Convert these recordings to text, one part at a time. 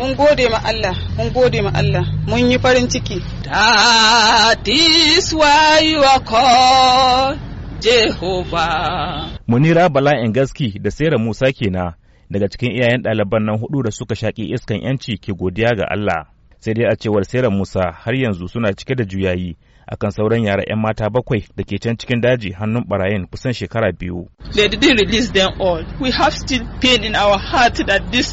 mun gode ma Allah mun gode ma Allah mun yi farin ciki that is why you are called Jehovah Munira Bala Gaski da Sera Musa kenan daga cikin iyayen ɗaliban nan hudu da suka shaƙi iskan yanci ke godiya ga Allah sai dai a cewar Sera Musa har yanzu suna cike da juyayi akan sauran yara 'yan mata bakwai da ke can cikin daji hannun barayin kusan shekara biyu. They didn't release them all. We have still pain in our heart that this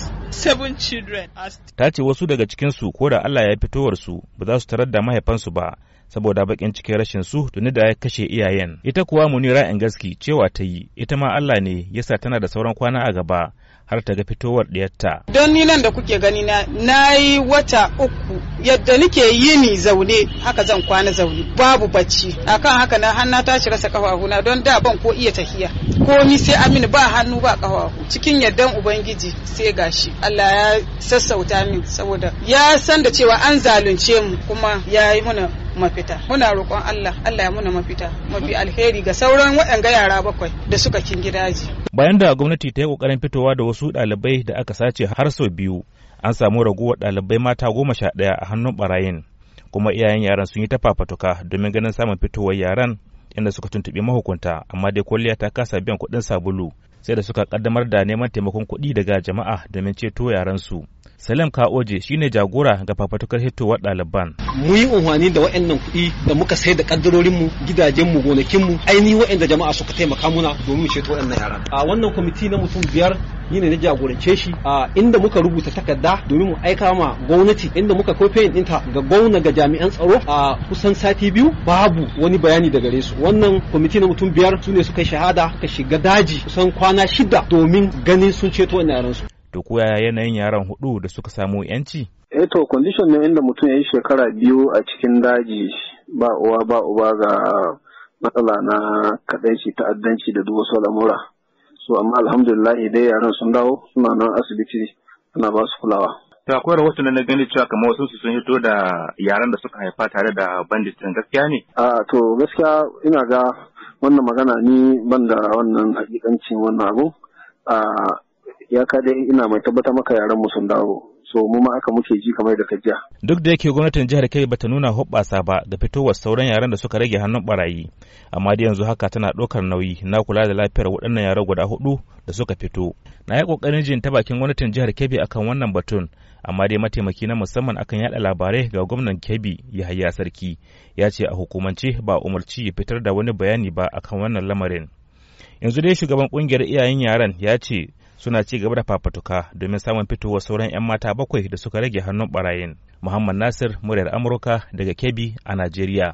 Ta ce wasu daga cikinsu ko da Allah ya fitowarsu ba za su tarar da mahaifansu ba saboda bakin cikin rashin su tuni da ya kashe iyayen. Ita kuwa Munira gaski cewa ta yi ita ma Allah ne yasa tana da sauran kwana a gaba har ta ga fitowar ɗiyarta. Don ni nan da kuke gani na na yi wata uku yadda nike yini zaune haka zan kwana zaune babu bacci akan haka na hannu tashi rasa na. don da ban ko iya tahiya komi sai amin ba hannu ba kafafu cikin yardan ubangiji sai gashi Allah ya sassauta min saboda ya san da cewa an zalunce mu kuma ya yi mana mafita muna roƙon Allah Allah ya muna mafita mafi alheri ga sauran waɗanga yara bakwai da suka kin gidaji bayan da gwamnati ta yi ƙoƙarin fitowa da wasu ɗalibai da aka sace har sau biyu an samu raguwar ɗalibai mata goma sha ɗaya a hannun barayin. kuma iyayen yaran sun yi ta fafatuka domin ganin samun fitowar yaran inda suka tuntuɓi mahukunta amma dai kwalliya ta kasa biyan kuɗin sabulu sai da suka kaddamar da neman taimakon kuɗi daga jama'a domin ceto yaransu. Salim Ka'oje shine jagora ga fafatukar hitowar ɗaliban. Mu yi unhwani da waɗannan kuɗi da muka sai da ƙaddarorinmu, gidajenmu, gonakinmu, ainihi waɗanda jama'a suka taimaka muna domin ceto waɗannan yaran. A wannan kwamiti na mutum biyar ni ne na jagorance shi a inda muka rubuta takarda domin mu aika ma gwamnati inda muka kofe ɗinta ga gwamna ga jami'an tsaro a kusan sati biyu babu wani bayani daga gare wannan kwamiti na mutum biyar su ne suka shahada ka shiga daji kusan kwana shida domin ganin sun ceto wani yaran su. To koya yanayin yaran hudu da suka samu yanci? Eh to condition ne inda mutum ya yi shekara biyu a cikin daji ba uwa ba uba ga matsala na kadaici ta'addanci da duk wasu al'amura. su amma alhamdulillah dai yaran sun dawo suna nan asibiti ana ba su kulawa to akwai rahoton na gani cewa kamar wasu sun hito da yaran da suka haifa tare da bandit gaskiya ne a to gaskiya ina ga wannan magana ni ban da wannan hakikancin wannan abu a ya kaɗai ina mai tabbata maka yaran mu sun dawo so mu ma aka muke ji kamar da kajiya. Duk da yake gwamnatin jihar Kebbi bata nuna hoɓɓasa ba ga fitowar sauran yaran da suka rage hannun barayi, amma da yanzu haka tana ɗaukar nauyi na kula da lafiyar waɗannan yara guda hudu da suka fito. Na yi ƙoƙarin jin ta bakin gwamnatin jihar Kebbi akan wannan batun, amma dai mataimaki na musamman akan yaɗa labarai ga gwamnan Kebbi Yahaya Sarki ya ce a hukumance ba umarci ya fitar da wani bayani ba akan wannan lamarin. Yanzu dai shugaban kungiyar iyayen yaran ya ce suna ci gaba da fafatuka domin samun fitowar sauran 'yan mata bakwai da suka rage hannun barayin. Muhammad Nasir, muryar Amurka daga Kebbi a Najeriya.